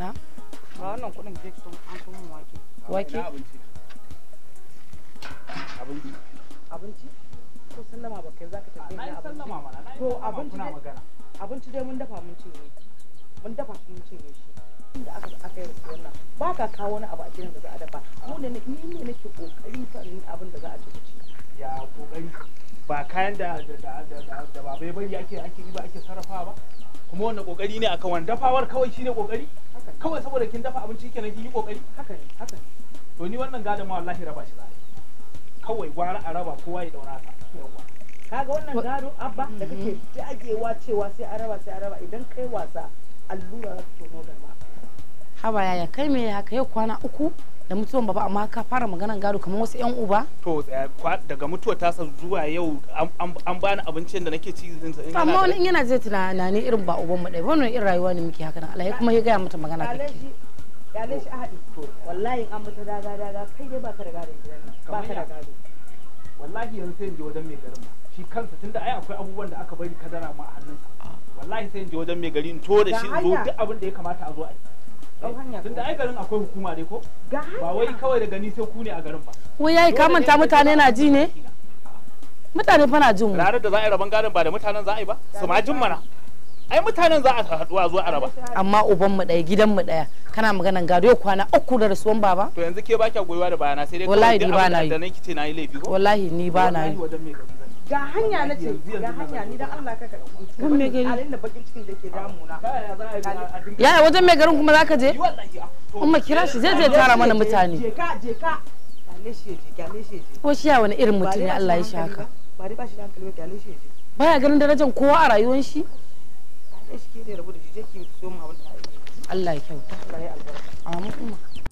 na ba wannan kudin ke sun an sun wake wake abinci abinci ko ba kai tafi abinci to abinci abinci dai mun dafa mun mun dafa shi mun shi inda aka aka yi wannan ba ka kawo wani abu a gidan da za a dafa mu ne ni ne nake kokari abin da za a ci ya kokari ba kayan da da ba bai ake ake yi ba ake sarrafa ba kuma wannan kokari ne akan wani dafawar kawai shine kokari kawai saboda kin dafa abinci kenan nan yi kokari haka ne haka ne to ni wannan gadon ma wallahi raba shi zai kawai gwara a raba kowa ya daura ta yawa kaga wannan gado abba da kake jagewa mm-hmm. cewa sai a raba sai a raba idan kai wasa allura za ta tono garma haba yaya kai me haka yau kwana uku da mutuwan baba amma ka fara maganan gado kamar wasu yan uba to daga mutuwa ta san zuwa yau an bani abincin da nake ci amma wani in yana zai tunana ne irin ba uban mu dai irin rayuwa ne muke haka nan Allah ya kuma ya gaya mata magana kake yale shi ahadi to wallahi an mutu daga daga kai dai ba ka da gado ba ka da gado wallahi yanzu sai in je wajen mai garin shi kansa tunda ai akwai abubuwan da aka bari kadara ma a hannunsa ah. wallahi sai in je wajen mai gari in to da shi duk abin da ya kamata a zo a yi tun da ai garin akwai hukuma dai ko ba wai kawai da gani sai ku ne a garin ba wai yayi ka manta mutane na ji ne mutane fa na jin mu da za a yi rabon garin ba da mutanen za a yi ba su ma jin mana ai mutanen za a haɗuwa zuwa araba amma uban mu ɗaya gidan mu ɗaya kana maganan gado yau kwana uku da rasuwan baba to yanzu ke ba kya goyuwa da bayana sai dai wallahi ni ba na yi da nake na yi laifi wallahi ni ba na yi ga hanya na ce ga hanya ni dan Allah ka ka bakin cikin da ke damuna yaya wajen mai garin kuma zaka je ah, umma kira shi zai zai tara mana mutane ko shi ya wani irin mutum ya Allah shi da ba shi baya ganin darajar kowa a rayuwar shi Allah ya